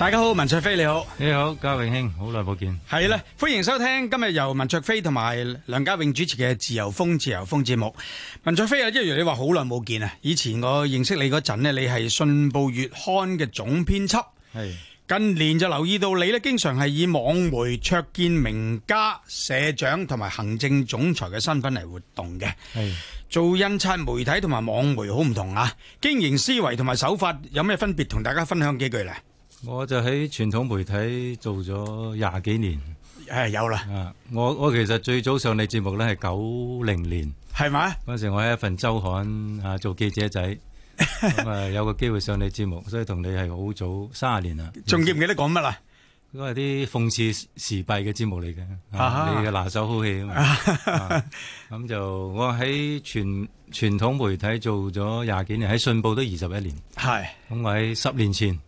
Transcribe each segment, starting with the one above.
大家好，文卓飛你好，你好，嘉榮兄，好耐冇見，係啦，歡迎收聽今日由文灼非同埋梁家榮主持嘅《自由風自由風》節目。文灼非啊，一如你話好耐冇見啊，以前我認識你嗰陣咧，你係信報月刊嘅總編輯，係近年就留意到你咧，經常係以網媒灼見名家社長同埋行政總裁嘅身份嚟活動嘅，係做印刷媒體同埋網媒好唔同啊，經營思維同埋手法有咩分別？同大家分享幾句咧。我就喺傳統媒體做咗廿幾年，誒有啦。啊，我我其實最早上你節目咧，係九零年，係咪？嗰陣時我喺一份週刊啊做記者仔，咁啊有個機會上你節目，所以同你係好早三十年啦。仲記唔記得講乜啦？都係啲諷刺時弊嘅節目嚟嘅，你嘅拿手好戲啊嘛。咁就我喺傳傳統媒體做咗廿幾年，喺信報都二十一年。係，咁我喺十年前，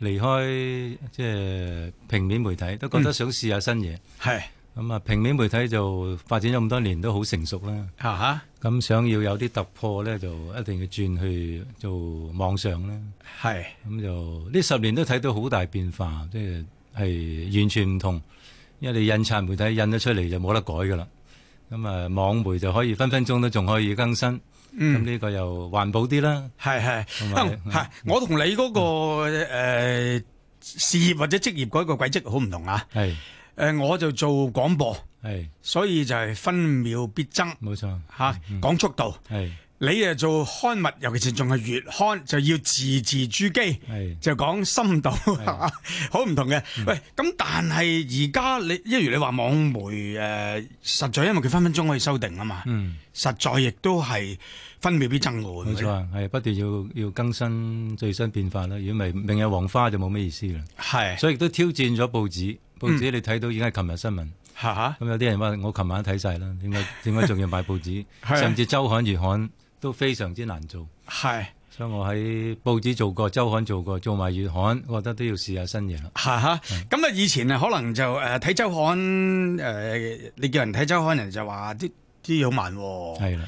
離開即係平面媒體，都覺得想試下新嘢。係咁啊，平面媒體就發展咗咁多年，都好成熟啦。嚇嚇咁想要有啲突破咧，就一定要轉去做網上啦。係咁就呢十年都睇到好大變化，即係係完全唔同。因為你印刷媒體印得出嚟就冇得改噶啦，咁啊網媒就可以分分鐘都仲可以更新。咁呢個又環保啲啦，係、嗯、係、嗯，我同你嗰、嗰個、嗯呃、事業或者職業嗰個軌跡好唔同啊，呃，我就做廣播，所以就係分秒必爭，冇錯嚇、啊嗯，講速度、嗯你誒做刊物，尤其是仲係月刊，就要字字珠璣，就講深度，好唔 同嘅、嗯。喂，咁但係而家你，一如你話網媒誒，實在因為佢分分鐘可以修訂啊嘛，實在亦都係分秒必爭冇錯，係、嗯、不，不斷要要更新最新變化啦。如果唔係明日黃花就冇咩意思啦。係，所以亦都挑戰咗報紙。報紙你睇到已經係琴日新聞，咁有啲人話我琴晚睇晒啦。點解點解仲要賣報紙？ 甚至周刊、月刊。都非常之難做，係，所以我喺報紙做過，周刊做過，做埋月刊，我覺得都要試下新嘢啦。係、啊、嚇，咁啊以前啊可能就誒睇、呃、周刊，誒、呃、你叫人睇周刊，人就話啲啲好慢喎、哦。係啦。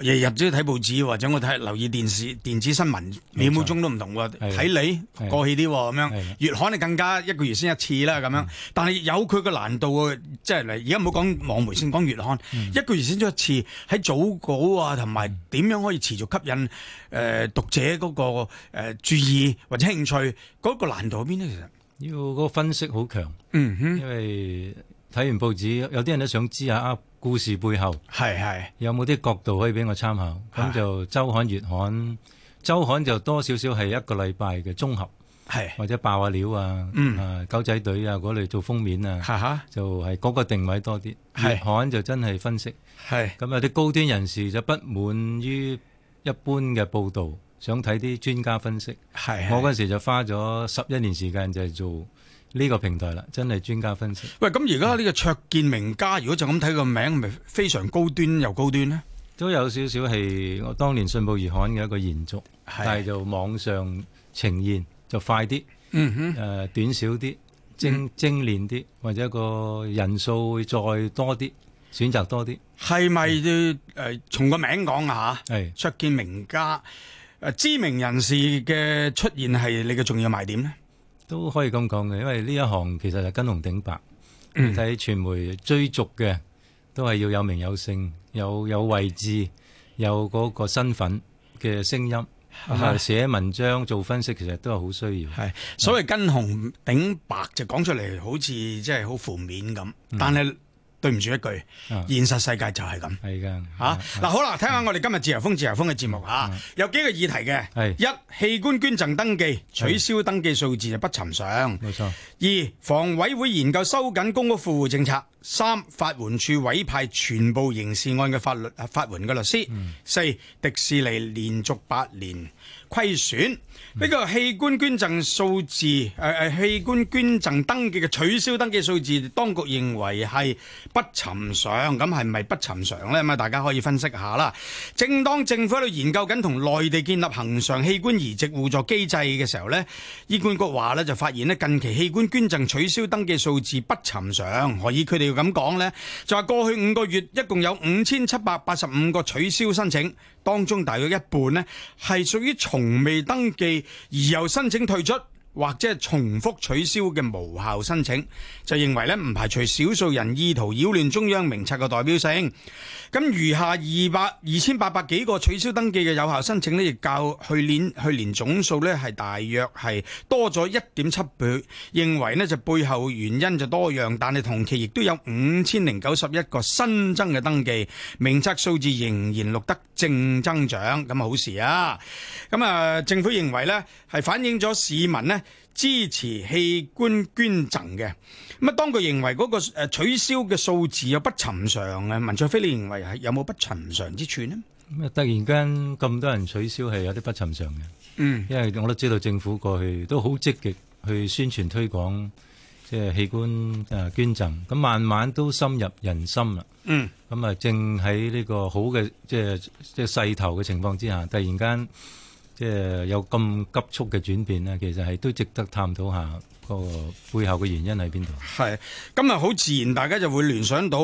日日都要睇報紙，或者我睇留意電視、電子新聞，每秒鐘都唔同。睇你過氣啲咁樣，月刊你更加一個月先一次啦咁樣。但係有佢個難度啊，即係嚟而家唔好講網媒先月，講月刊，一個月先出一次，喺早稿啊，同埋點樣可以持續吸引誒、呃、讀者嗰、那個誒、呃、注意或者興趣，嗰、那個難度喺邊呢？其實要嗰個分析好強，嗯哼，因為睇完報紙，有啲人都想知下。故事背後係係有冇啲角度可以俾我參考？咁就周刊、月刊，周刊就多少少係一個禮拜嘅綜合，係或者爆下料啊，嗯、啊狗仔隊啊嗰類做封面啊，係哈就係、係、嗰個定位多啲。月刊就真係分析，咁有啲高端人士就不滿於一般嘅報導，想睇啲專家分析。係係我嗰時候就花咗十一年時間就做。呢、這個平台啦，真係專家分析。喂，咁而家呢個卓建名家，如果就咁睇個名，咪非常高端又高端呢？都有少少係我當年信報月刊嘅一個延續，啊、但係就網上呈現就快啲、嗯呃，短少啲、精精煉啲，或者一個人數會再多啲，選擇多啲。係咪誒從個名講下，卓建名家，呃、知名人士嘅出現係你嘅重要賣點呢？都可以咁講嘅，因為呢一行其實係跟紅頂白，睇、嗯、傳媒追逐嘅都係要有名有姓、有有位置、有嗰個身份嘅聲音的，寫文章做分析其實都係好需要。係所謂跟紅頂白就講出嚟好似真係好負面咁、嗯，但係。對唔住一句、啊，現實世界就係咁。係吓嗱，好啦，聽下我哋今日自由風自由風嘅節目吓、啊，有幾個議題嘅。係，一，器官捐贈登記取消登記數字就不尋常。冇錯。二，房委會研究收緊公屋富戶政策。三，法援處委派全部刑事案嘅法律法援嘅律師。四、嗯、迪士尼連續八年虧損。呢、這個器官捐贈數字，誒、呃、誒器官捐贈登記嘅取消登記數字，當局認為係不尋常，咁係咪不尋常呢？咁啊，大家可以分析一下啦。正當政府喺度研究緊同內地建立恒常器官移植互助機制嘅時候呢，醫管局話呢就發現呢近期器官捐贈取消登記數字不尋常。何以佢哋要咁講呢？就話過去五個月一共有五千七百八十五個取消申請。當中大約一半咧，係屬於從未登記而又申請退出。或者重複取消嘅無效申請，就認為呢唔排除少數人意圖擾亂中央名冊嘅代表性。咁餘下二百二千八百幾個取消登記嘅有效申請呢亦較去年去年總數呢係大約係多咗一點七倍。認為呢就背後原因就多樣，但係同期亦都有五千零九十一個新增嘅登記，名冊數字仍然錄得正增長，咁好事啊！咁啊，呃，政府認為呢係反映咗市民呢。支持器官捐贈嘅。咁啊，當佢認為嗰個取消嘅數字有不尋常嘅，文卓飛，你認為係有冇不尋常之處呢？啊，突然間咁多人取消係有啲不尋常嘅，嗯，因為我都知道政府過去都好積極去宣傳推廣，即係器官誒捐贈，咁慢慢都深入人心啦。嗯，咁啊，正喺呢個好嘅即係即係勢頭嘅情況之下，突然間。即係有咁急速嘅轉變呢，其實係都值得探討下嗰個背後嘅原因喺邊度？係今日好自然，大家就會聯想到。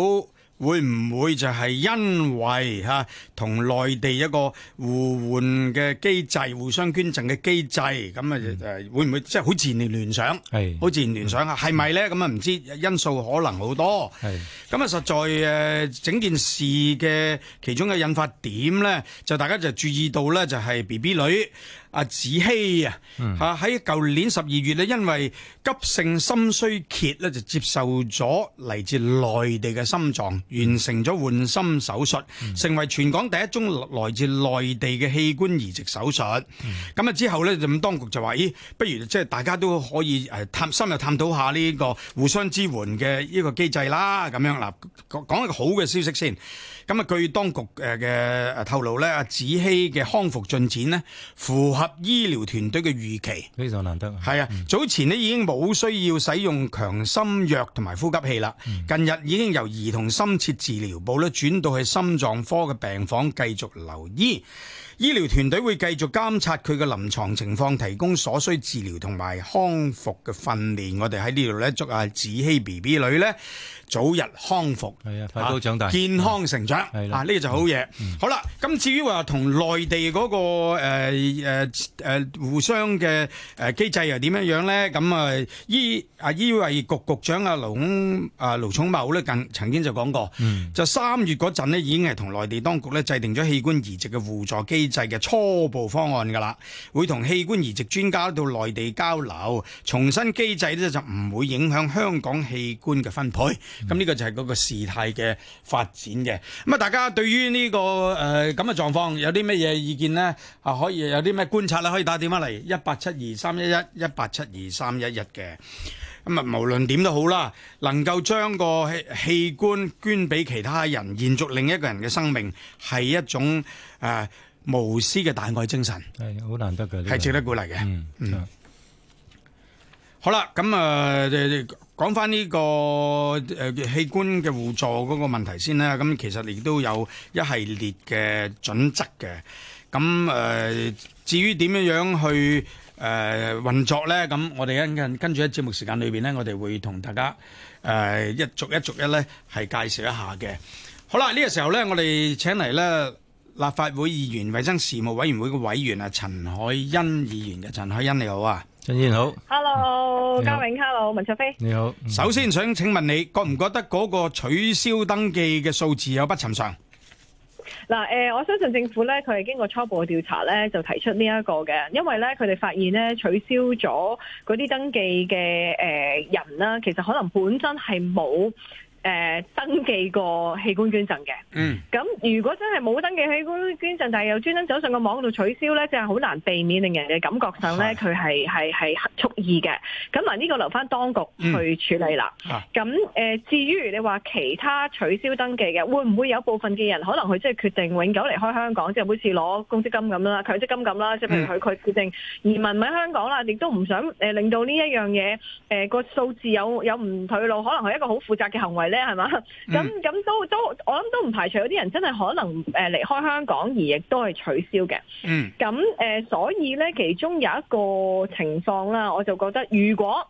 會唔會就係因為嚇同內地一個互換嘅機制、互相捐贈嘅機制，咁啊誒會唔會即係好自然聯想？係好自然聯想啊？係咪咧？咁啊唔知因素可能好多。係咁啊，實在誒整件事嘅其中嘅引發點咧，就大家就注意到咧，就係 BB 女。阿子希啊，嚇喺舊年十二月呢，因為急性心衰竭咧，就接受咗嚟自內地嘅心臟，完成咗換心手術，成為全港第一宗來自內地嘅器官移植手術。咁、嗯、啊之後呢，就咁當局就話：咦，不如即係大家都可以誒探深入探討下呢個互相支援嘅呢個機制啦。咁樣嗱，講一個好嘅消息先。咁啊，據當局嘅透露咧，阿子希嘅康復進展呢，符合醫療團隊嘅預期，非常難得。係啊、嗯，早前呢已經冇需要使用強心藥同埋呼吸器啦、嗯。近日已經由兒童深切治療部咧轉到去心臟科嘅病房繼續留醫。醫療團隊會繼續監察佢嘅臨床情況，提供所需治療同埋康復嘅訓練。我哋喺呢度咧祝阿子希 B B 女咧，早日康復，係啊，快高長大、啊，健康成長，啊，呢、這個就好嘢、嗯。好啦，咁至於話同內地嗰、那個誒誒、呃呃、互相嘅誒機制又點樣樣咧？咁啊，醫啊醫衞局局長啊，盧阿盧寵茂咧，近曾經就講過，嗯、就三月嗰陣咧，已經係同內地當局咧制定咗器官移植嘅互助機制嘅初步方案㗎啦，會同器官移植專家到內地交流，重新機制咧就唔會影響香港器官嘅分配。咁、嗯、呢、這個就係嗰個事態嘅發展嘅。咁啊，大家對於呢、這個誒咁嘅狀況有啲乜嘢意見呢？啊，可以有啲咩觀察呢？可以打電話嚟一八七二三一一一八七二三一一嘅。咁啊、嗯，無論點都好啦，能夠將個器官捐俾其他人，延續另一個人嘅生命，係一種誒、呃、無私嘅大愛精神。係好難得嘅，係值得鼓勵嘅、嗯嗯。好啦，咁、嗯、啊，呃講翻呢個誒器官嘅互助嗰個問題先啦，咁其實亦都有一系列嘅準則嘅。咁誒，至於點樣樣去誒運作咧，咁我哋一陣跟住喺節目時間裏邊咧，我哋會同大家誒一逐一逐一咧係介紹一下嘅。好啦，呢個時候咧，我哋請嚟咧立法會議員衛生事務委員會嘅委員啊，陳凱欣議員嘅，陳凱欣你好啊！好，Hello，嘉穎，Hello，文卓飛，你好。首先想請問你，覺唔覺得嗰個取消登記嘅數字有不尋常？嗱，誒，我相信政府咧，佢係經過初步嘅調查咧，就提出呢、這、一個嘅，因為咧，佢哋發現咧取消咗嗰啲登記嘅誒人啦，其實可能本身係冇。誒、呃、登記過器官捐贈嘅，嗯，咁如果真係冇登記器官捐贈，但係又專登走上個網度取消咧，即係好難避免令人嘅感覺上咧，佢係係係蓄意嘅。咁嗱，呢個留翻當局去處理啦。咁、嗯呃、至於你話其他取消登記嘅，會唔會有部分嘅人可能佢即係決定永久離開香港，即係好似攞公積金咁啦、強積金咁啦，即係譬如佢佢、嗯、決定移民喺香港啦，亦都唔想、呃、令到呢一樣嘢誒個數字有有唔退路，可能係一個好負責嘅行為咧。係嘛，咁咁都都，我諗都唔排除有啲人真係可能離開香港而亦都係取消嘅。嗯，咁、呃、所以咧其中有一個情況啦，我就覺得如果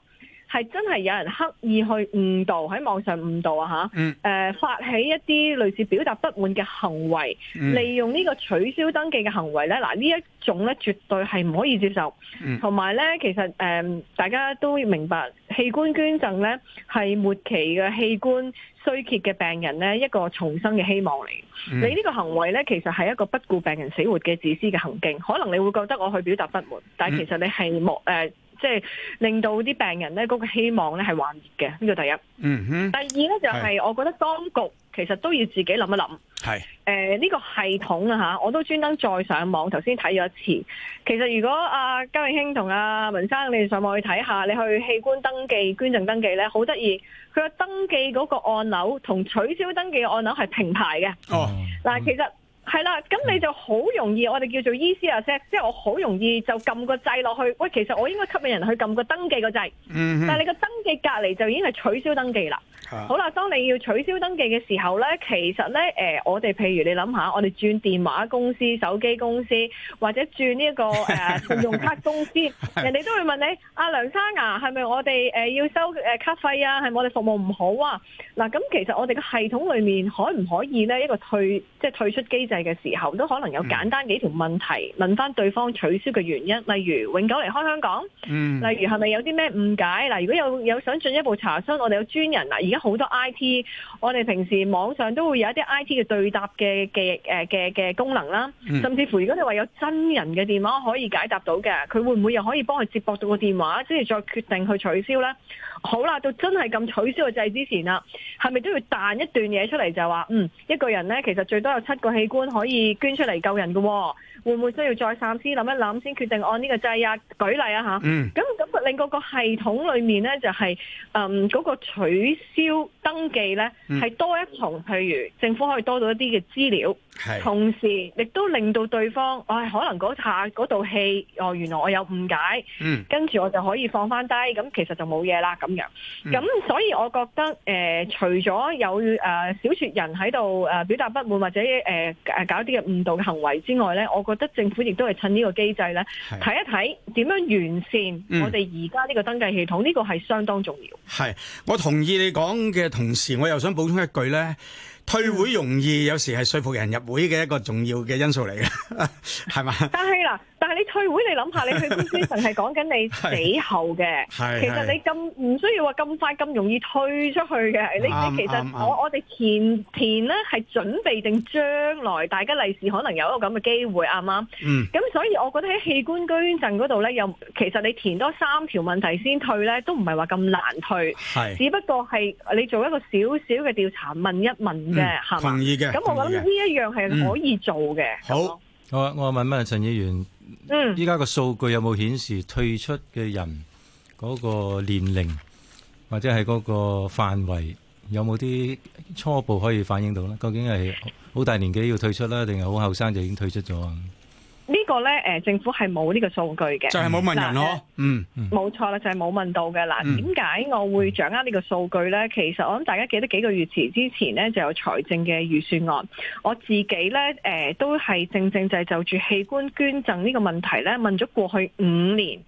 係真係有人刻意去誤導喺網上誤導啊、嗯呃、發起一啲類似表達不滿嘅行為，嗯、利用呢個取消登記嘅行為咧，嗱呢一種咧絕對係唔可以接受。嗯、同埋咧，其實、呃、大家都明白。器官捐贈呢，係末期嘅器官衰竭嘅病人呢，一個重生嘅希望嚟。嗯。你呢個行為呢，其實係一個不顧病人死活嘅自私嘅行徑。可能你會覺得我去表達不滿，但係其實你係。莫誒、嗯呃即係令到啲病人咧，嗰個希望咧係幻滅嘅，呢個第一。嗯哼。第二咧就係，我覺得當局其實都要自己諗一諗。係。誒，呢個系統啊吓，我都專登再上網頭先睇咗一次。其實如果阿周永興同阿文生，你哋上網去睇下，你去器官登記捐贈登記咧，好得意。佢個登記嗰個按鈕同取消登記嘅按鈕係平排嘅。哦。嗱，其實。係 啦，咁你就好容易，我哋叫做 easy access 即係我好容易就撳個掣落去。喂，其實我應該吸引人去撳個登記個掣，但係你個登記隔離就已經係取消登記啦。Mm -hmm. 好啦，當你要取消登記嘅時候咧，其實咧、呃、我哋譬如你諗下，我哋轉電話公司、手機公司或者轉呢、這、一個誒信、呃、用卡公司， 人哋都會問你：阿、啊、梁生啊，係咪我哋、呃、要收咖卡費啊？係咪我哋服務唔好啊？嗱、啊，咁其實我哋嘅系統裏面可唔可以呢一個退即係退出機制，嘅時候都可能有簡單幾條問題問翻對方取消嘅原因，例如永久離開香港，例如係咪有啲咩誤解？嗱，如果有有想進一步查詢，我哋有專人。嗱，而家好多 I T，我哋平時網上都會有一啲 I T 嘅對答嘅嘅誒嘅嘅功能啦，甚至乎如果你話有真人嘅電話可以解答到嘅，佢會唔會又可以幫佢接駁到個電話，之後再決定去取消咧？好啦，到真係咁取消個掣之前啦，係咪都要彈一段嘢出嚟，就話嗯，一個人呢，其實最多有七個器官可以捐出嚟救人嘅喎、哦？會唔會需要再三思諗一諗先決定按呢個掣啊？舉例啊吓，嗯，咁咁令嗰個系統裏面咧就係誒嗰個取消登記咧係、嗯、多一重，譬如政府可以多到一啲嘅資料，同時亦都令到對方，我、哎、係可能嗰下嗰度氣，哦原來我有誤解，跟、嗯、住我就可以放翻低，咁其實就冇嘢啦咁樣。咁、嗯、所以我覺得、呃、除咗有誒、呃、小説人喺度誒表達不滿或者誒、呃、搞啲嘅誤導嘅行為之外咧，我。覺得政府亦都係趁呢個機制咧，睇一睇點樣完善我哋而家呢個登記系統，呢個係相當重要。係，我同意你講嘅同時，我又想補充一句咧。退會容易，有時係說服人入會嘅一個重要嘅因素嚟嘅，係 嘛？但係嗱，但係你退會，你諗下，你去捐資陣係講緊你死後嘅， 其實你咁唔需要話咁快咁容易退出去嘅。你啱，其實我我哋填填咧，係準備定將來大家利是可能有一個咁嘅機會，啱啱？嗯。咁所以我覺得喺器官捐贈嗰度咧，又其實你填多三條問題先退咧，都唔係話咁難退。只不過係你做一個少少嘅調查，問一問。同意嘅，咁我諗呢一樣係可以做嘅。好，我我問一問陳議員，嗯，依家個數據有冇顯示退出嘅人嗰個年齡或者係嗰個範圍有冇啲初步可以反映到呢？究竟係好大年紀要退出啦，定係好後生就已經退出咗啊？個咧誒，政府係冇呢個數據嘅，就係、是、冇問人咯、啊就是，嗯，冇錯啦，就係冇問到嘅。嗱，點解我會掌握呢個數據咧、嗯？其實我諗大家記得幾個月前之前咧就有財政嘅預算案，我自己咧誒都係正正就係就住器官捐贈呢個問題咧問咗過去五年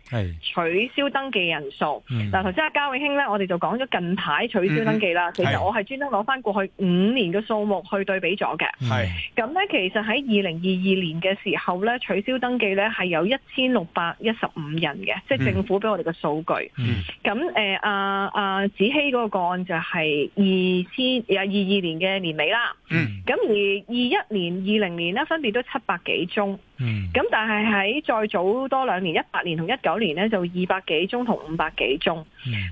取消登記人數。嗱、嗯，頭先阿嘉永興咧，我哋就講咗近排取消登記啦、嗯嗯。其實我係專登攞翻過去五年嘅數目去對比咗嘅。係咁咧，其實喺二零二二年嘅時候咧取消。標登記咧係有一千六百一十五人嘅，即係政府俾我哋嘅數據。嗯，咁誒，啊啊子希嗰個案就係二千誒二二年嘅年尾啦。嗯，咁而二一年、二零年咧，分別都七百幾宗。嗯，咁但係喺再早多兩年，一八年同一九年咧，就二百幾宗同五百幾宗。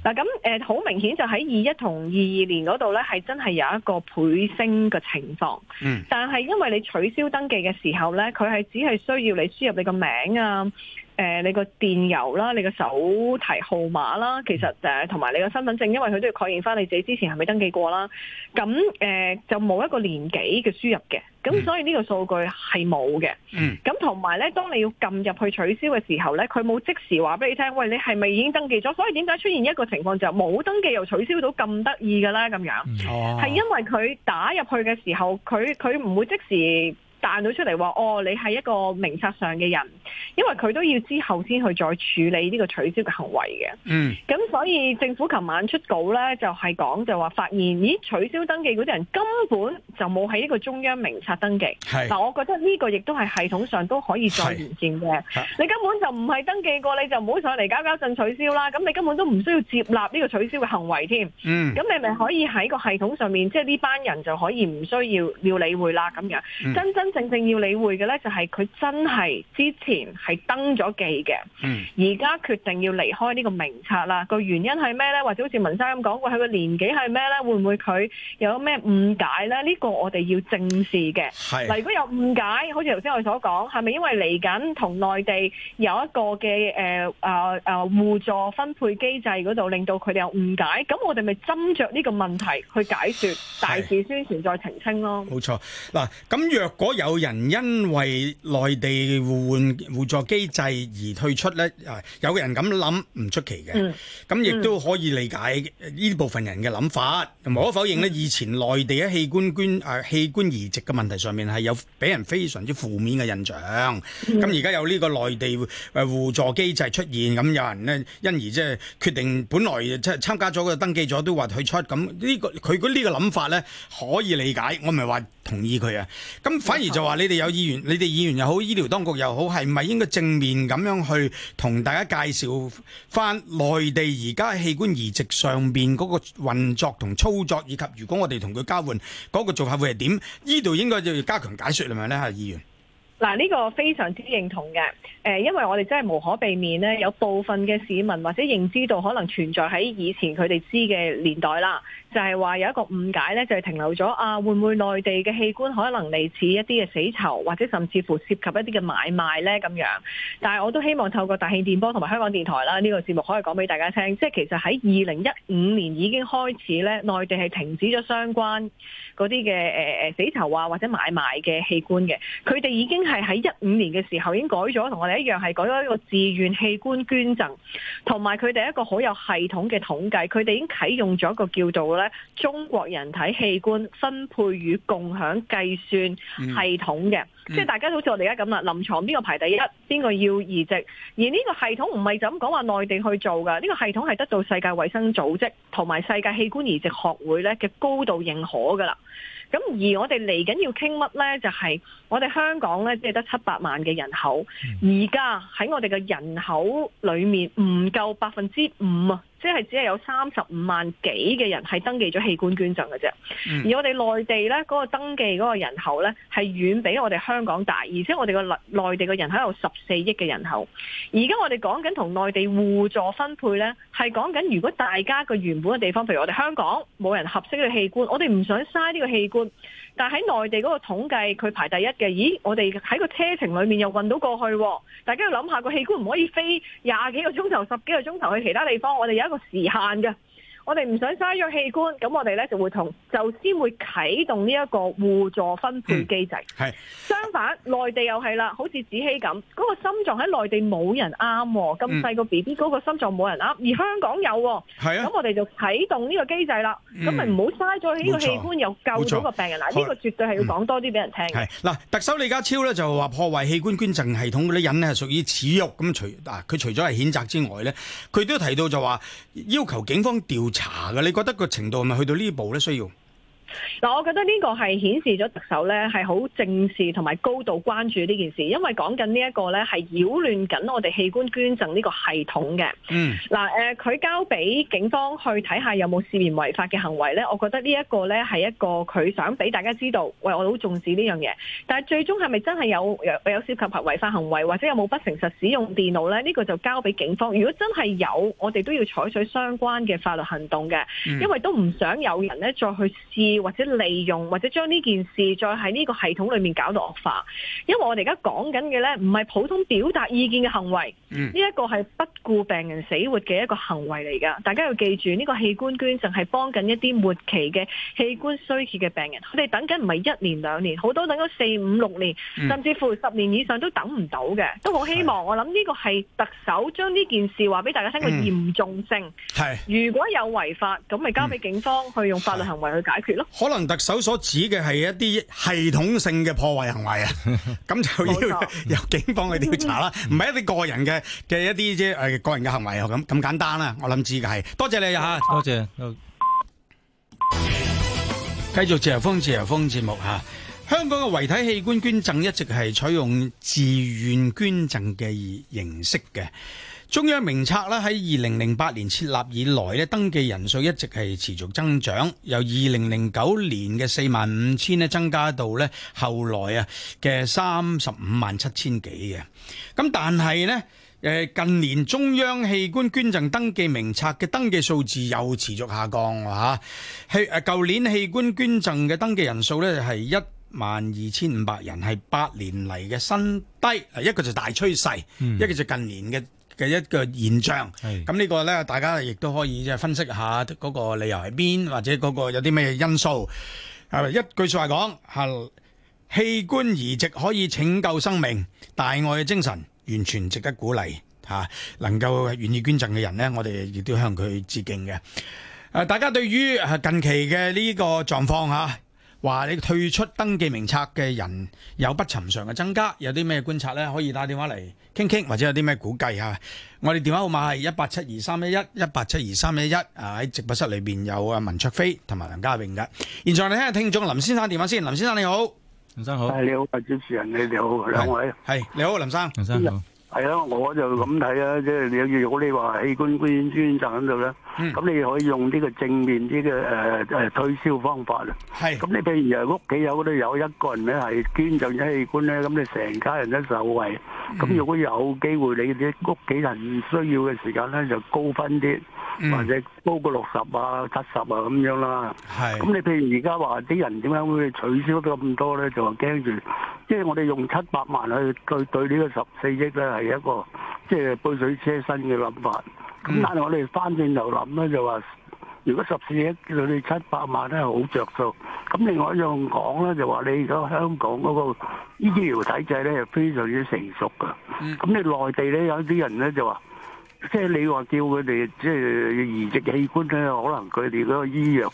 嗱咁誒，好、嗯、明顯就喺二一同二二年嗰度咧，係真係有一個倍升嘅情況。嗯，但係因為你取消登記嘅時候咧，佢係只係需要你輸入你個名啊。誒、呃、你個電郵啦，你個手提號碼啦，其實誒同埋你個身份證，因為佢都要確認翻你自己之前係咪登記過啦。咁誒、呃、就冇一個年紀嘅輸入嘅，咁所以呢個數據係冇嘅。嗯。咁同埋咧，當你要撳入去取消嘅時候咧，佢冇即時話俾你聽，喂，你係咪已經登記咗？所以點解出現一個情況就冇登記又取消到咁得意㗎啦？咁樣，係、哦、因為佢打入去嘅時候，佢佢唔會即時。彈到出嚟話哦，你係一個名冊上嘅人，因為佢都要之後先去再處理呢個取消嘅行為嘅。嗯。咁所以政府琴晚出稿呢，就係、是、講就話發現，咦取消登記嗰啲人根本就冇喺一個中央名冊登記。嗱、啊，我覺得呢個亦都係系統上都可以再完善嘅。你根本就唔係登記過，你就唔好上嚟搞搞震取消啦。咁你根本都唔需要接納呢個取消嘅行為添。咁、嗯、你咪可以喺個系統上面，即係呢班人就可以唔需要要理會啦咁樣、嗯。真真。真正要理會嘅呢就係佢真係之前係登咗記嘅，而家決定要離開呢個名冊啦。個原因係咩呢？或者好似文生咁講過，佢個年紀係咩呢？會唔會佢有咩誤解呢？呢個我哋要正視嘅。嗱，如果有誤解，好似頭先我哋所講，係咪因為嚟緊同內地有一個嘅誒誒誒互助分配機制嗰度，令到佢哋有誤解？咁我哋咪斟酌呢個問題去解決，大事宣傳再澄清咯。冇錯。嗱，咁若果有人因為內地互換互助機制而退出呢，有個人咁諗唔出奇嘅，咁亦都可以理解呢部分人嘅諗法、嗯。無可否認呢以前內地喺器官捐誒、啊、器官移植嘅問題上面係有俾人非常之負面嘅印象。咁而家有呢個內地互，互助機制出現，咁有人呢因而即係決定，本來即係參加咗個登記咗都話退出，咁呢、呢個佢嗰呢個諗法呢，可以理解。我唔係話。同意佢啊！咁反而就話你哋有議員，你哋議員又好，醫療當局又好，係咪應該正面咁樣去同大家介紹翻內地而家器官移植上面嗰個運作同操作，以及如果我哋同佢交換嗰個做法會係點？呢度應該就要加強解說，係咪呢嚇，議員嗱，呢、這個非常之認同嘅。誒，因為我哋真係無可避免咧，有部分嘅市民或者認知度可能存在喺以前佢哋知嘅年代啦。就係、是、話有一個誤解咧，就係、是、停留咗啊！會唔會內地嘅器官可能嚟似一啲嘅死囚或者甚至乎涉及一啲嘅買賣咧咁樣？但係我都希望透過大氣電波同埋香港電台啦呢、這個節目可以講俾大家聽，即係其實喺二零一五年已經開始咧，內地係停止咗相關嗰啲嘅死囚啊或者買賣嘅器官嘅。佢哋已經係喺一五年嘅時候已經改咗，同我哋一樣係改咗一個自願器官捐贈，同埋佢哋一個好有系統嘅統計，佢哋已經啟用咗一個叫做。中國人體器官分配與共享計算系統嘅、嗯，即係大家好似我哋而家咁啦，臨床邊個排第一，邊個要移植，而呢個系統唔係就咁講話內地去做㗎，呢、這個系統係得到世界衞生組織同埋世界器官移植學會咧嘅高度認可噶啦。咁而我哋嚟緊要傾乜呢？就係、是、我哋香港呢，即係得七百萬嘅人口，而家喺我哋嘅人口裡面唔夠百分之五啊！即係只係有三十五萬幾嘅人係登記咗器官捐贈嘅啫，而我哋內地呢個登記嗰個人口呢，係遠比我哋香港大，而且我哋個內地嘅人口有十四億嘅人口。而家我哋講緊同內地互助分配呢，係講緊如果大家個原本嘅地方，譬如我哋香港冇人合適嘅器官，我哋唔想嘥呢個器官。但喺內地嗰個統計，佢排第一嘅。咦，我哋喺個車程裏面又運到過去喎，哦，大家要諗下個器官唔可以飛廿幾個鐘頭、十幾個鐘頭去其他地方，我哋有一個時限嘅。我哋唔想嘥咗器官，咁我哋咧就會同就先會啟動呢一個互助分配機制。嗯、相反，內地又係啦，好似子希咁，嗰、嗰個心臟喺內地冇人啱，咁細個 B B 嗰個心臟冇人啱，而香港有，咁、啊、我哋就啟動呢個機制啦。咁咪唔好嘥咗呢個器官，又救咗個病人。嗱，呢、呢個絕對係要講多啲俾人聽嘅。嗱、嗯，特首李家超咧就話破壞器官捐贈系統啲人咧係屬於恥辱咁。除嗱佢除咗係譴責之外咧，佢都提到就話要求警方調查查噶，你覺得個程度係咪去到呢一步咧？需要。嗱，我覺得呢個係顯示咗特首咧係好正視同埋高度關注呢件事，因為講緊呢一個咧係擾亂緊我哋器官捐贈呢個系統嘅。嗯。嗱，誒佢交俾警方去睇下有冇涉嫌違法嘅行為咧，我覺得呢一個咧係一個佢想俾大家知道，喂，我好重視呢樣嘢。但係最終係咪真係有有有涉及係違法行為，或者有冇不誠實使用電腦呢？呢，呢個就交俾警方。如果真係有，我哋都要採取相關嘅法律行動嘅，因為都唔想有人咧再去試。或者利用或者將呢件事再喺呢個系統裏面搞到惡化，因為我哋而家講緊嘅咧，唔係普通表達意見嘅行為，呢、嗯、一、這個係不顧病人死活嘅一個行為嚟噶大家要記住，呢、這個器官捐贈係幫緊一啲末期嘅器官衰竭嘅病人，佢哋等緊唔係一年兩年，好多等咗四五六年，嗯，甚至乎十年以上都等唔到嘅。都好希望我諗呢個係特首將呢件事話俾大家聽個、嗯、嚴重性。係，如果有違法，咁咪交俾警方去用法律行為去解決咯。可能特首所指嘅係一啲系統性嘅破壞行為啊，咁 就要由警方去調查啦，唔 係一啲個人嘅嘅一啲即係誒個人嘅行為咁咁簡單啦。我諗知嘅係多謝你吓，多謝。繼續自由風自由風節目吓，啊，香港嘅遺體器官捐贈一直係採用自願捐贈嘅形式嘅。中央名冊咧喺二零零八年設立以來咧，登記人數一直係持續增長，由二零零九年嘅四萬五千咧增加到咧後來啊，嘅三十五萬七千幾嘅。咁但係呢誒，近年中央器官捐贈登記名冊嘅登記數字又持續下降吓去誒，舊年器官捐贈嘅登記人數咧係一萬二千五百人，係八年嚟嘅新低。一個就大趨勢，一個就近年嘅。嘅一個現象，咁呢個呢，大家亦都可以即分析下嗰個理由喺邊，或者嗰個有啲咩因素？一句說話講，器官移植可以拯救生命，大愛嘅精神完全值得鼓勵嚇，能夠願意捐贈嘅人呢，我哋亦都向佢致敬嘅。誒，大家對於近期嘅呢個狀況嚇，話你退出登記名冊嘅人有不尋常嘅增加，有啲咩觀察呢？可以打電話嚟。傾傾或者有啲咩估計吓，我哋電話號碼係一八七二三一一一八七二三一一啊。喺直播室裏邊有文卓飛同埋梁家榮噶。現在你聽下聽眾林先生電話先，林先生你好，林生好，你好，主持人你好，兩位係你好，林生，林生係啊，我就咁睇啦，即係你如果你話器官捐捐贈喺度咧。咁、嗯、你可以用呢個正面啲嘅誒推銷方法啦。咁你譬如屋企有咧有一個人咧係捐贈咗器官咧，咁你成家人咧受惠。咁、嗯、如果有機會，你啲屋企人需要嘅時間咧就高分啲、嗯，或者高過六十啊、七十啊咁樣啦。咁你譬如而家話啲人點解會取消得咁多咧？就話驚住，即係我哋用七百萬去去對，對個14呢個十四億咧係一個。即係杯水車薪嘅諗法，咁但係我哋翻轉頭諗咧，就話如果十四億裏面七百萬咧係好着數，咁另外一樣講咧就話，你而家香港嗰個醫療體制咧係非常之成熟嘅，咁你內地咧有啲人咧就話，即係你話叫佢哋即係移植器官咧，可能佢哋嗰個醫藥。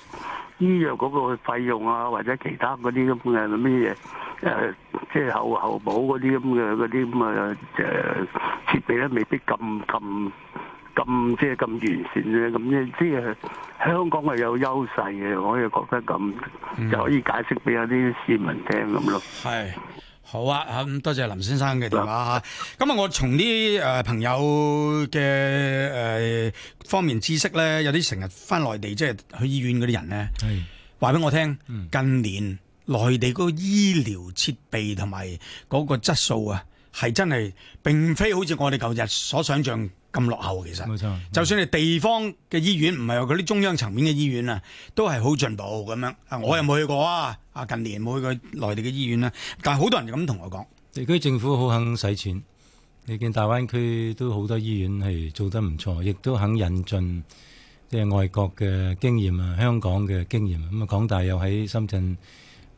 醫藥嗰個費用啊，或者其他嗰啲咁嘅咩嘢，誒，即係後，後補嗰啲咁嘅嗰啲咁誒設備咧，未必咁咁咁即係咁完善，咁即係香港係有優勢嘅，我又覺得咁、嗯、就可以解釋俾有啲市民聽咁咯。係。好啊，咁多謝林先生嘅電話咁啊，我從啲、呃、朋友嘅、呃、方面知識咧，有啲成日返內地即係、就是、去醫院嗰啲人咧，話俾我聽、嗯，近年內地嗰個醫療設備同埋嗰個質素啊。係真係並非好似我哋舊日所想像咁落後。其實冇錯，就算係地方嘅醫院，唔係話嗰啲中央層面嘅醫院啊，都係好進步咁樣。我又冇去過啊，啊、嗯、近年冇去過內地嘅醫院啦，但係好多人就咁同我講，地區政府好肯使錢。你見大灣區都好多醫院係做得唔錯，亦都肯引進即係外國嘅經驗啊、香港嘅經驗啊。咁啊，港大又喺深圳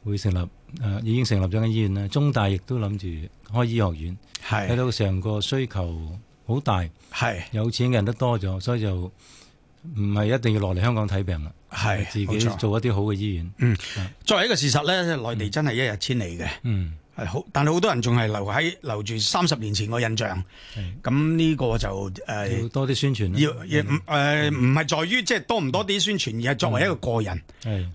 會成立，誒、呃、已經成立咗間醫院啦。中大亦都諗住。開醫學院，睇是到成個需求好大，是有錢嘅人都多咗，所以就唔係一定要落嚟香港睇病啦。係是自己錯做一啲好嘅醫院。嗯，以作為一個事實咧，嗯、內地真係一日千里嘅。嗯。係好，但係好多人仲係留喺留住三十年前個印象。咁呢個就誒、呃、要多啲宣傳要唔係、呃、在於即係、就是、多唔多啲宣傳，而係作為一個個人，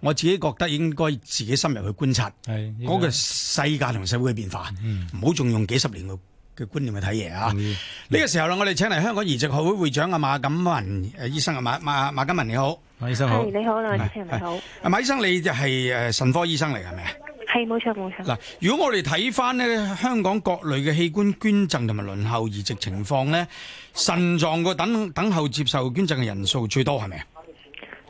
我自己覺得應該自己深入去觀察嗰、那個世界同社會嘅變化。唔好仲用幾十年嘅嘅觀念去睇嘢啊！呢、這個時候啦，我哋請嚟香港移植學會會,會長阿馬錦文誒醫生啊，馬馬馬錦文你好，馬醫生好。哎、你好，梁醫生你好。啊，馬醫生你就係誒腎科醫生嚟係係咪啊？係冇錯冇錯嗱，如果我哋睇翻咧香港各類嘅器官捐贈同埋輪候移植情況咧，腎臟個等等候接受捐贈嘅人數最多係咪啊？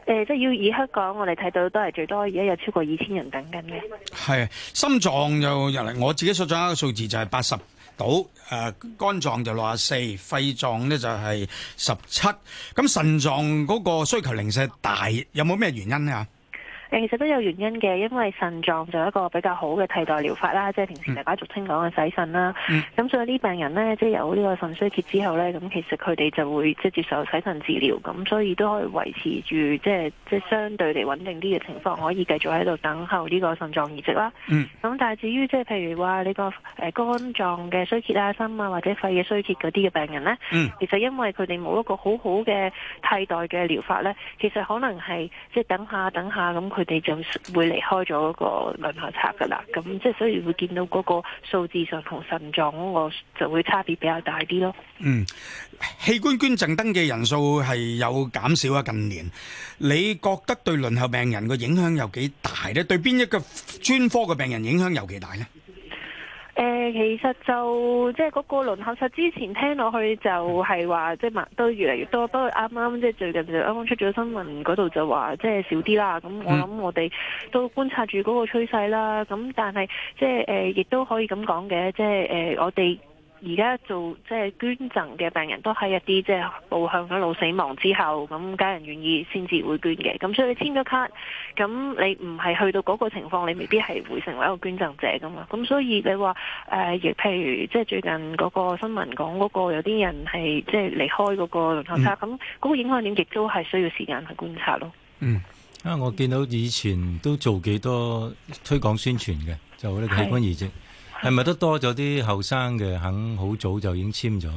誒，即係要以香港我哋睇到都係最多，而家有超過二千人等緊嘅。係心臟就入嚟，我自己所掌握嘅數字就係八十到誒，肝臟就六十四，肺臟咧就係十七。咁腎臟嗰個需求零舍大，有冇咩原因咧？其實都有原因嘅，因為腎臟就一個比較好嘅替代療法啦，即係平時大家俗稱講嘅洗腎啦，咁、嗯、所以啲病人呢，即係有呢個腎衰竭之後呢，咁其實佢哋就會即接受洗腎治療，咁所以都可以維持住即係即係相對嚟穩定啲嘅情況，可以繼續喺度等候呢個腎臟移植啦。咁、嗯、但係至於即係譬如話你個肝臟嘅衰竭啊、心啊或者肺嘅衰竭嗰啲嘅病人呢、嗯，其實因為佢哋冇一個好好嘅替代嘅療法呢，其實可能係即係等下等下咁佢哋就會離開咗嗰個輪候冊噶啦，咁即係所以會見到嗰個數字上同腎臟嗰個就會差別比較大啲咯。嗯，器官捐贈登記人數係有減少啊，近年你覺得對輪候病人個影響有幾大呢？對邊一個專科嘅病人影響有幾大呢？誒、呃，其實就即係嗰個輪候，實之前聽落去就係話，即係慢都越嚟越多。不過啱啱即係最近就啱啱出咗新聞，嗰度就話即係少啲啦。咁我諗我哋都觀察住嗰個趨勢啦。咁但係即係誒，亦、呃、都可以咁講嘅，即係誒、呃，我哋。而家做即係、就是、捐贈嘅病人都係一啲即係步向咗腦死亡之後，咁家人願意先至會捐嘅。咁所以你簽咗卡，咁你唔係去到嗰個情況，你未必係會成為一個捐贈者噶嘛。咁所以你話誒，亦、呃、譬如即係、就是、最近嗰個新聞講嗰、那個有啲人係即係離開嗰個輪候室，咁、嗯、嗰個影響點亦都係需要時間去觀察咯。嗯，啊，我見到以前都做幾多推廣宣傳嘅，就呢啲器官移植。係咪都多咗啲後生嘅肯好早就已經簽咗？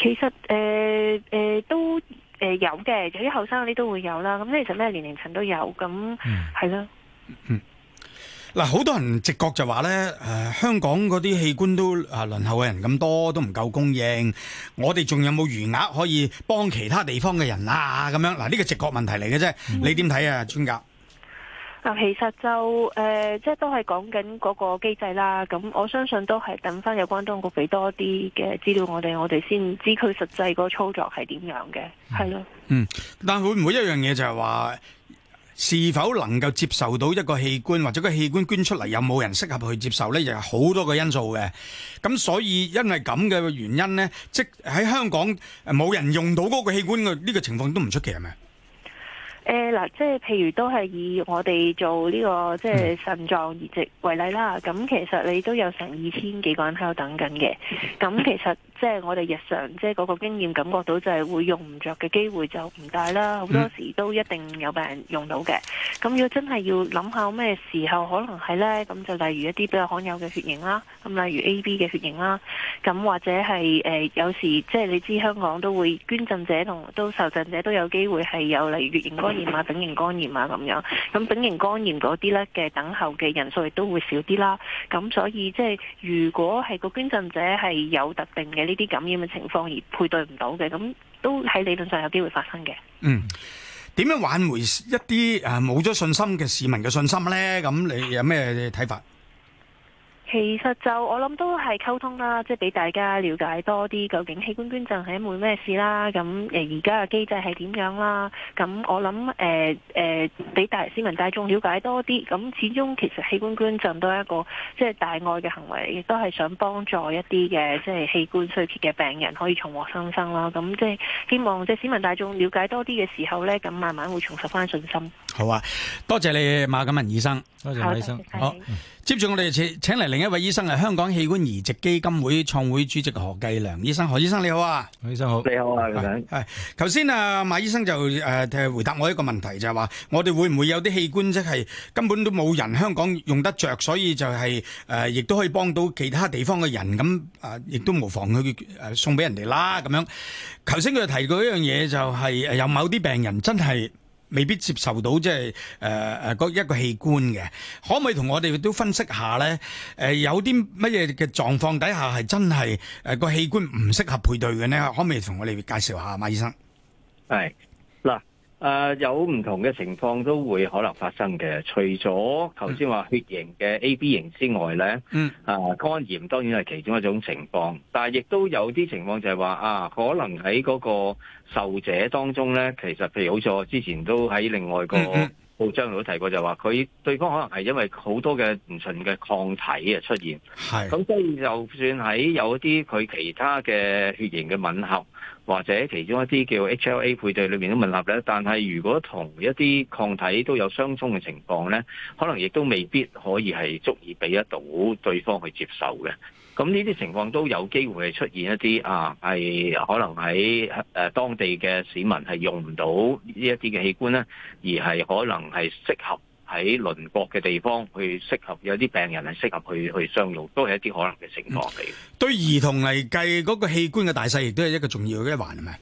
其實誒誒、呃呃、都誒有嘅，有啲後生呢都會有啦。咁其實咩年齡層都有，咁係咯。嗱、嗯，好、嗯、多人直覺就話咧，誒、呃，香港嗰啲器官都誒輪、啊、候嘅人咁多，都唔夠供應。我哋仲有冇餘額可以幫其他地方嘅人啊？咁樣嗱，呢、啊這個直覺問題嚟嘅啫。你點睇啊，專家？嗱，其實就誒，即係都係講緊嗰個機制啦。咁我相信都係等翻有關當局俾多啲嘅資料我哋，我哋先知佢實際個操作係點樣嘅，係咯。嗯，但會唔會一樣嘢就係話，是否能夠接受到一個器官或者個器官捐出嚟，有冇人適合去接受呢？又係好多個因素嘅。咁所以因為咁嘅原因呢，即喺香港冇人用到嗰個器官嘅呢個情況都唔出奇係咪？誒嗱，即係譬如都係以我哋做呢個即係腎臟移植為例啦，咁其實你都有成二千幾個人喺度等緊嘅，咁其實。即係我哋日常即係嗰個經驗感覺到，就係會用唔着嘅機會就唔大啦。好多時都一定有病人用到嘅。咁如果真係要諗下咩時候可能係咧，咁就例如一啲比較罕有嘅血型啦，咁例如 A B 嘅血型啦，咁或者係誒、呃、有時即係你知香港都會捐贈者同都受贈者都有機會係有例如乙型肝炎啊、丙型肝炎啊咁樣。咁丙型肝炎嗰啲咧嘅等候嘅人數亦都會少啲啦。咁所以即係如果係個捐贈者係有特定嘅。呢啲感染嘅情況，而配對唔到嘅，咁都喺理論上有機會發生嘅。嗯，點樣挽回一啲誒冇咗信心嘅市民嘅信心呢？咁你有咩睇法？其實就我諗都係溝通啦，即係俾大家了解多啲究竟器官捐贈係一門咩事啦。咁誒，而家嘅機制係點樣啦？咁我諗誒誒，俾、呃呃、大市民大眾了解多啲。咁始終其實器官捐贈都係一個即係大愛嘅行為，亦都係想幫助一啲嘅即係器官衰竭嘅病人可以重獲新生，生啦。咁即係希望即係市民大眾了解多啲嘅時候呢，咁慢慢會重拾翻信心。好啊，多謝你馬錦文醫生，多謝馬醫生。好。嗯接住我哋請請嚟，另一位醫生係香港器官移植基金會創會主席何繼良醫生。何醫生你好啊。何醫生好，你好啊。頭先啊，馬醫生就誒回答我一個問題就係話，我哋會唔會有啲器官即係根本都冇人香港用得着，所以就係誒亦都可以幫到其他地方嘅人咁啊，亦都無妨去誒送俾人哋啦咁樣。頭先佢就提過一樣嘢就係有某啲病人真係。未必接受到即係誒誒個一個器官嘅，可唔可以同我哋都分析下咧？誒有啲乜嘢嘅狀況底下係真係誒個器官唔適合配對嘅呢？可唔可以同我哋介紹下，馬醫生？係。誒、呃、有唔同嘅情況都會可能發生嘅，除咗頭先話血型嘅 AB 型之外咧，嗯，啊肝炎當然係其中一種情況，但係亦都有啲情況就係話啊，可能喺嗰個受者當中咧，其實譬如好似我之前都喺另外個報章度都提過就，就話佢對方可能係因為好多嘅唔純嘅抗體出現，咁所以就算喺有啲佢其他嘅血型嘅吻合。或者其中一啲叫 HLA 配對裏面嘅吻合咧，但係如果同一啲抗體都有相衝嘅情況咧，可能亦都未必可以係足以俾得到對方去接受嘅。咁呢啲情況都有機會係出現一啲啊，係可能喺誒當地嘅市民係用唔到呢一啲嘅器官咧，而係可能係適合。喺鄰國嘅地方，去適合有啲病人係適合去去上路，都係一啲可能嘅情況嚟、嗯。對兒童嚟計，嗰個器官嘅大細亦都係一個重要嘅一環，係咪？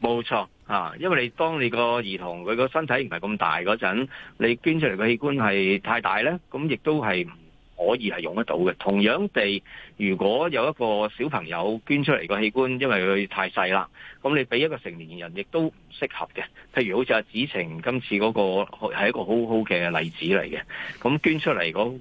冇錯啊，因為你當你個兒童佢個身體唔係咁大嗰陣，你捐出嚟嘅器官係太大咧，咁亦都係。可以係用得到嘅。同樣地，如果有一個小朋友捐出嚟個器官，因為佢太細啦，咁你俾一個成年人亦都唔適合嘅。譬如好似阿子晴，今次嗰個係一個好好嘅例子嚟嘅。咁捐出嚟嗰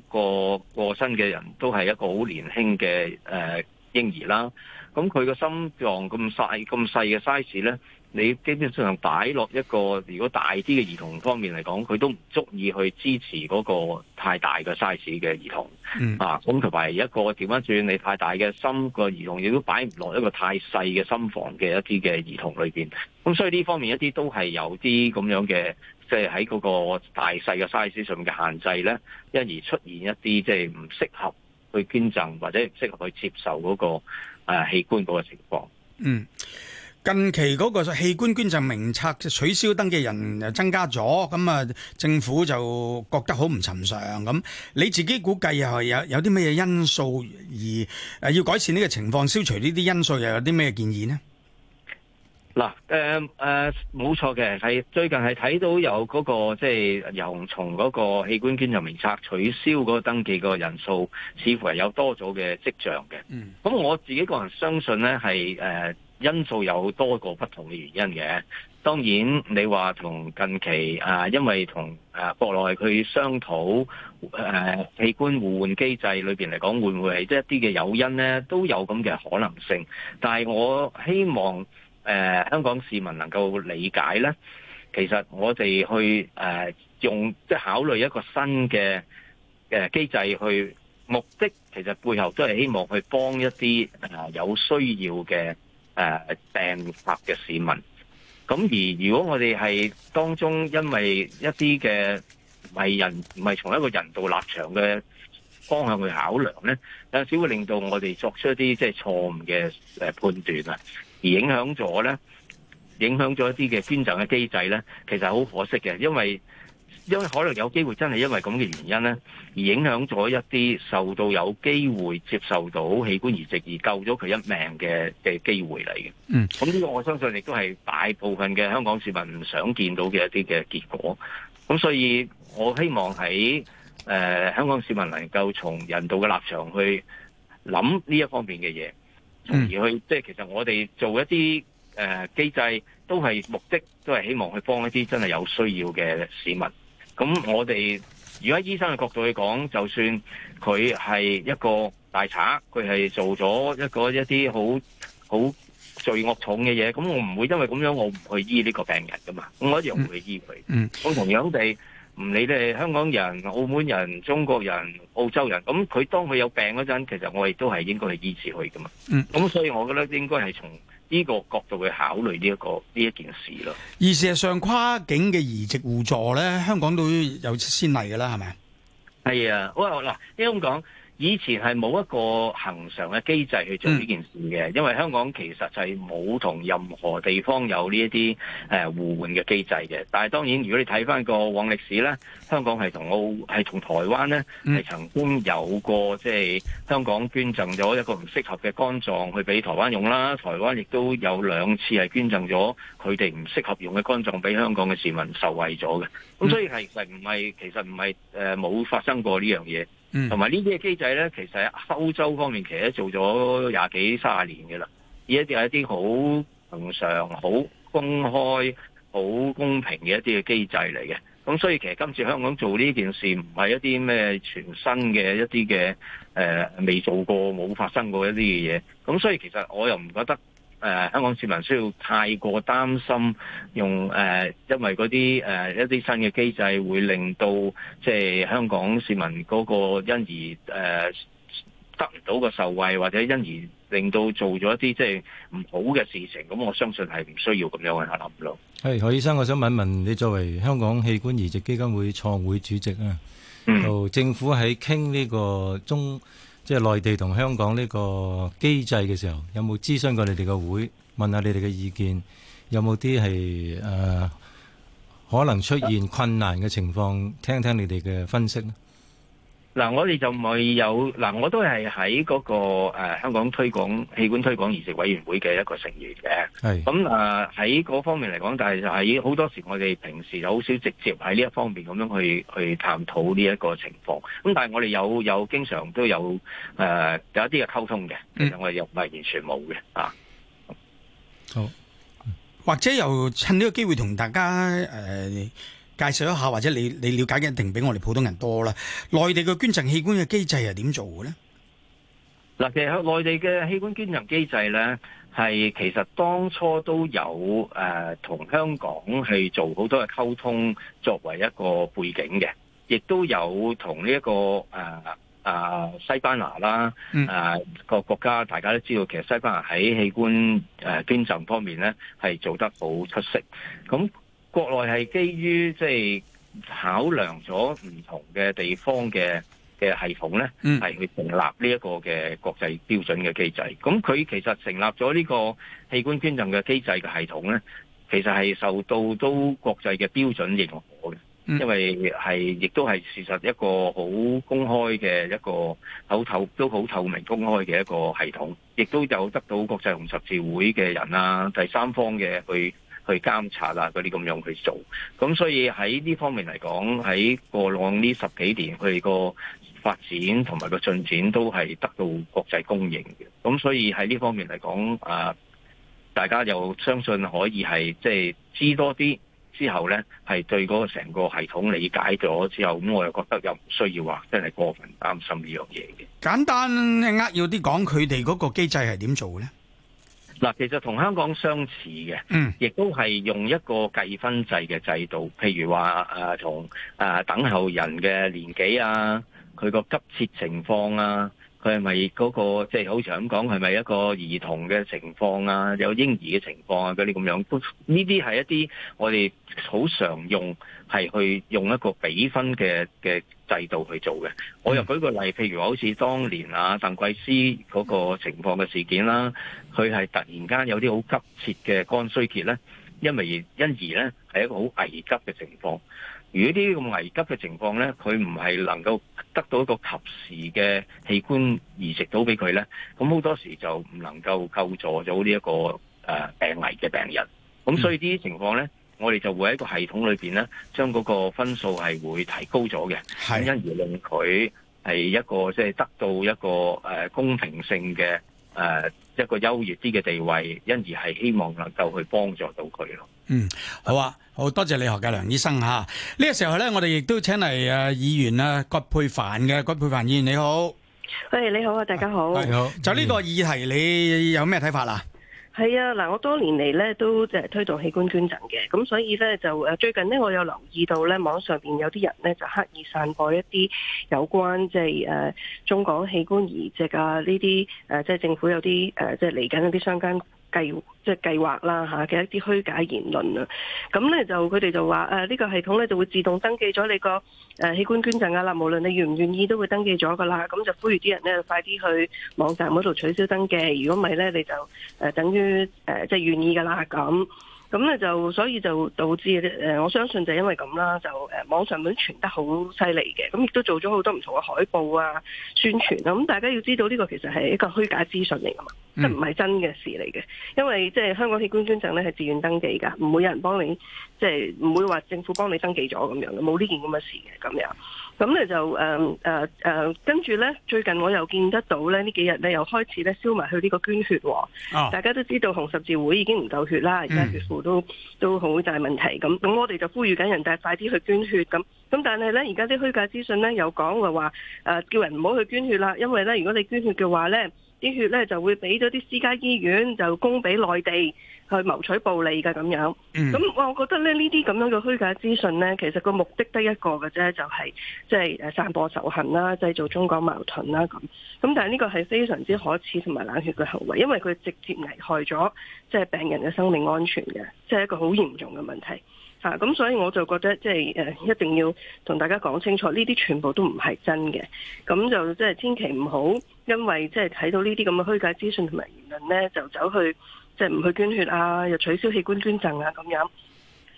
個過身嘅人都係一個好年輕嘅誒嬰兒啦。咁佢個心臟咁細咁細嘅 size 呢。你基本上擺落一個，如果大啲嘅兒童方面嚟講，佢都唔足以去支持嗰個太大嘅 size 嘅兒童、嗯、啊。咁同埋一個調翻轉，你太大嘅心個兒童亦都擺唔落一個太細嘅心房嘅一啲嘅兒童裏面。咁所以呢方面一啲都係有啲咁樣嘅，即係喺嗰個大細嘅 size 上面嘅限制咧，因而出現一啲即係唔適合去捐贈或者唔適合去接受嗰、嗰個、啊、器官嗰個情況。嗯。近期嗰個器官捐贈名冊取消登記人又增加咗，咁啊，政府就覺得好唔尋常。咁你自己估計又係有有啲咩嘢因素而，誒要改善呢個情況，消除呢啲因素又有啲咩建議呢？嗱，誒誒，冇錯嘅，係最近係睇到有嗰個即係由從嗰個器官捐贈名冊取消嗰個登記個人數，似乎係有多咗嘅跡象嘅。嗯，咁我自己個人相信呢，係誒。因素有多個不同嘅原因嘅，當然你話同近期啊，因為同誒國內去商討誒器官互換機制裏邊嚟講，會唔會係即係一啲嘅誘因咧，都有咁嘅可能性。但係我希望誒香港市民能夠理解咧，其實我哋去誒用即係考慮一個新嘅誒機制去目的，其實背後都係希望去幫一啲誒有需要嘅。誒，病患嘅市民，咁而如果我哋係當中因為一啲嘅唔係人唔係從一個人道立場嘅方向去考量咧，有陣時會令到我哋作出一啲即係錯誤嘅誒判斷啊，而影響咗咧，影響咗一啲嘅捐贈嘅機制咧，其實好可惜嘅，因為。因為可能有機會真係因為咁嘅原因呢而影響咗一啲受到有機會接受到器官移植而救咗佢一命嘅嘅機會嚟嘅。嗯，咁呢個我相信亦都係大部分嘅香港市民唔想見到嘅一啲嘅結果。咁所以我希望喺、呃、香港市民能夠從人道嘅立場去諗呢一方面嘅嘢，從而去、嗯、即係其實我哋做一啲誒、呃、機制都係目的都係希望去幫一啲真係有需要嘅市民。咁我哋如果喺醫生嘅角度去講，就算佢係一個大賊，佢係做咗一個一啲好好罪惡重嘅嘢，咁我唔會因為咁樣我唔去醫呢個病人噶嘛，咁我一樣會去醫佢。我同樣地唔理你哋香港人、澳門人、中國人、澳洲人，咁佢當佢有病嗰陣，其實我亦都係應該去醫治佢噶嘛。咁、嗯、所以我覺得應該係從。呢、這個角度去考慮呢一個呢一件事咯。而事實上，跨境嘅移植互助咧，香港都有先例㗎喇，係咪？係啊，哇！嗱，因為咁講。以前係冇一個恒常嘅機制去做呢件事嘅，嗯，因為香港其實就係冇同任何地方有呢一啲誒互換嘅機制嘅。但係當然，如果你睇翻個往歷史咧，香港係同澳係同台灣咧係曾經有過，即係香港捐贈咗一個唔適合嘅肝臟去俾台灣用啦。台灣亦都有兩次係捐贈咗佢哋唔適合用嘅肝臟俾香港嘅市民受惠咗嘅。咁所以係其實唔係，其實唔係誒冇發生過呢樣嘢。嗯，同埋呢啲嘅機制咧，其實喺歐洲方面其實做咗廿幾卅年嘅啦，而家啲係一啲好平常，好公開，好公平嘅一啲嘅機制嚟嘅。咁所以其實今次香港做呢件事唔係一啲咩全新嘅一啲嘅誒未做過冇發生過一啲嘅嘢。咁所以其實我又唔覺得。誒、呃、香港市民需要太過擔心用，用、呃、誒，因為嗰啲誒一啲新嘅機制會令到即係、就是、香港市民嗰個因而誒、呃、得唔到個受惠，或者因而令到做咗一啲即係唔好嘅事情，咁我相信係唔需要咁樣去諗咯。係何醫生，我想問一問你作為香港器官移植基金會創會主席啊，嗯，政府喺傾呢個中，即係內地同香港呢個機制嘅時候，有冇諮詢過你哋個會？問下你哋嘅意見，有冇啲係誒可能出現困難嘅情況？聽聽你哋嘅分析呢？嗱，我哋就唔係有，嗱，我都係喺嗰個、呃、香港推廣器官推廣移植委員會嘅一個成員嘅。係。咁誒喺嗰方面嚟講，但係就係好多時我哋平時就好少直接喺呢一方面咁樣去去探討呢一個情況。咁、嗯、但係我哋有有經常都有誒、呃、有一啲嘅溝通嘅，其實我哋又唔係完全冇嘅啊。好。或者又趁呢個機會同大家誒。呃介紹一下，或者你你了解嘅一定比我哋普通人多啦。內地嘅捐贈器官嘅機制係點做嘅咧？嗱，其實內地嘅器官捐贈機制咧，係其實當初都有誒同、呃、香港係做好多嘅溝通，作為一個背景嘅，亦都有同呢一個誒啊、呃呃、西班牙啦啊、嗯呃、個國家，大家都知道，其實西班牙喺器官誒、呃、捐贈方面咧係做得好出色，咁。國內係基於即係考量咗唔同嘅地方嘅嘅系統咧，係去成立呢一個嘅國際標準嘅機制。咁佢其實成立咗呢個器官捐贈嘅機制嘅系統咧，其實係受到都國際嘅標準認可嘅，因為係亦都係事實一個好公開嘅一個好透都好透明公開嘅一個系統，亦都有得到國際紅十字會嘅人啦、第三方嘅去。去監察啦、啊，嗰啲咁樣去做，咁所以喺呢方面嚟講，喺過往呢十幾年，佢哋個發展同埋個進展都係得到國際公認嘅。咁所以喺呢方面嚟講，啊，大家又相信可以係即係知多啲之後咧，係對嗰個成個系統理解咗之後，咁我又覺得又唔需要話真係過分擔心呢樣嘢嘅。簡單嘅扼要啲講，佢哋嗰個機制係點做咧？嗱，其實同香港相似嘅，嗯，亦都係用一個計分制嘅制度。譬如話，同、呃呃、等候人嘅年紀啊，佢個急切情況啊，佢係咪嗰個即係、就是、好似咁講係咪一個兒童嘅情況啊？有嬰兒嘅情況啊？嗰啲咁樣都呢啲係一啲我哋好常用係去用一個比分嘅嘅制度去做嘅，我又舉個例，譬如話好似當年啊，鄧桂思嗰個情況嘅事件啦，佢係突然間有啲好急切嘅肝衰竭咧，因為因而咧係一個好危急嘅情況。如果啲咁危急嘅情況咧，佢唔係能夠得到一個及時嘅器官移植到俾佢咧，咁好多時就唔能夠救助咗呢一個誒病危嘅病人。咁所以呢啲情況咧。我哋就會喺一個系統裏邊咧，將嗰個分數係會提高咗嘅，因而令佢係一個即係得到一個誒公平性嘅誒一個優越啲嘅地位，因而係希望能夠去幫助到佢咯。嗯，好啊，好多謝何繼良醫生吓。呢個時候咧，我哋亦都請嚟誒議員啊，葛珮帆嘅，葛珮帆議員你好。誒，你好啊，大家好。好，就呢個議題，你有咩睇法啊？係啊，嗱，我多年嚟咧都即係推動器官捐贈嘅，咁所以咧就誒最近咧我有留意到咧網上邊有啲人咧就刻意散播一啲有關即係誒中港器官移植啊呢啲誒即係政府有啲誒即係嚟緊嗰啲相關。呃就是計即係計劃啦吓，嘅、啊、一啲虛假言論啊，咁呢就佢哋就話誒呢個系統呢，就會自動登記咗你個誒器官捐贈㗎啦，無論你願唔願意都會登記咗噶啦，咁就呼籲啲人呢快啲去網站嗰度取消登記，如果唔係呢，你就誒、啊、等於誒即係願意噶啦咁。咁咧就所以就導致誒、呃，我相信就因為咁啦，就誒、呃、網上面傳得好犀利嘅，咁亦都做咗好多唔同嘅海報啊宣傳啊。咁、嗯、大家要知道呢個其實係一個虛假資訊嚟噶嘛，即係唔係真嘅事嚟嘅。因為即係香港器官捐贈咧係自願登記㗎，唔會有人幫你即係唔會話政府幫你登記咗咁樣，冇呢件咁嘅事嘅咁樣。咁咧就誒誒跟住咧最近我又見得到咧呢幾日咧又開始咧燒埋去呢個捐血喎。Oh. 大家都知道紅十字會已經唔夠血啦，而家血庫都、mm. 都好大問題咁。咁我哋就呼籲緊人哋快啲去捐血咁。咁但係咧而家啲虛假資訊咧又講話誒、呃、叫人唔好去捐血啦，因為咧如果你捐血嘅話咧。啲血咧就會俾咗啲私家醫院就供俾內地去謀取暴利嘅咁樣，咁、嗯、我覺得咧呢啲咁樣嘅虛假資訊咧，其實個目的得一個嘅啫，就係即係誒散播仇恨啦、製造中港矛盾啦咁。咁但係呢個係非常之可恥同埋冷血嘅行為，因為佢直接危害咗即係病人嘅生命安全嘅，即係一個好嚴重嘅問題。啊，咁所以我就覺得即係誒一定要同大家講清楚，呢啲全部都唔係真嘅，咁就即係千祈唔好。因為即係睇到呢啲咁嘅虛假資訊同埋言論呢，就走去，即係唔去捐血啊，又取消器官捐贈啊，咁樣。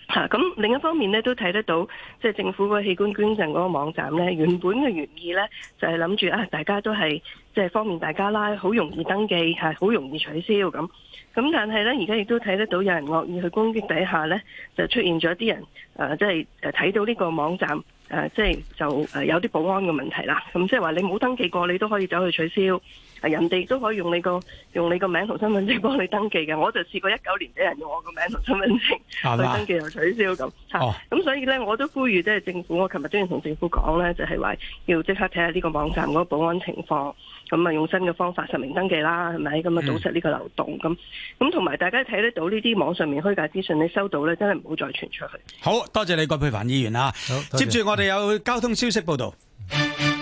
吓，咁另一方面咧，都睇得到，即係政府個器官捐贈嗰個網站咧，原本嘅原意咧，就係諗住啊，大家都係即係方便大家啦，好容易登記，好容易取消咁。咁但係咧，而家亦都睇得到有人惡意去攻擊底下咧，就出現咗啲人，即係睇到呢個網站，即係就有啲保安嘅問題啦。咁即係話你冇登記過，你都可以走去取消。人哋都可以用你個用你個名同身份證幫你登記嘅，我就試過一九年俾人用我個名同身份證去登記又取消咁，咁、oh. 嗯、所以咧我都呼籲即係政府，我琴日都同政府講咧，就係、是、話要即刻睇下呢個網站嗰個保安情況，咁啊用新嘅方法實名登記啦，係咪咁啊堵塞呢個漏洞咁，咁同埋大家睇得到呢啲網上面虛假資訊，你收到咧真係唔好再傳出去。好多謝你，葛珮帆議員啊，接住我哋有交通消息報道。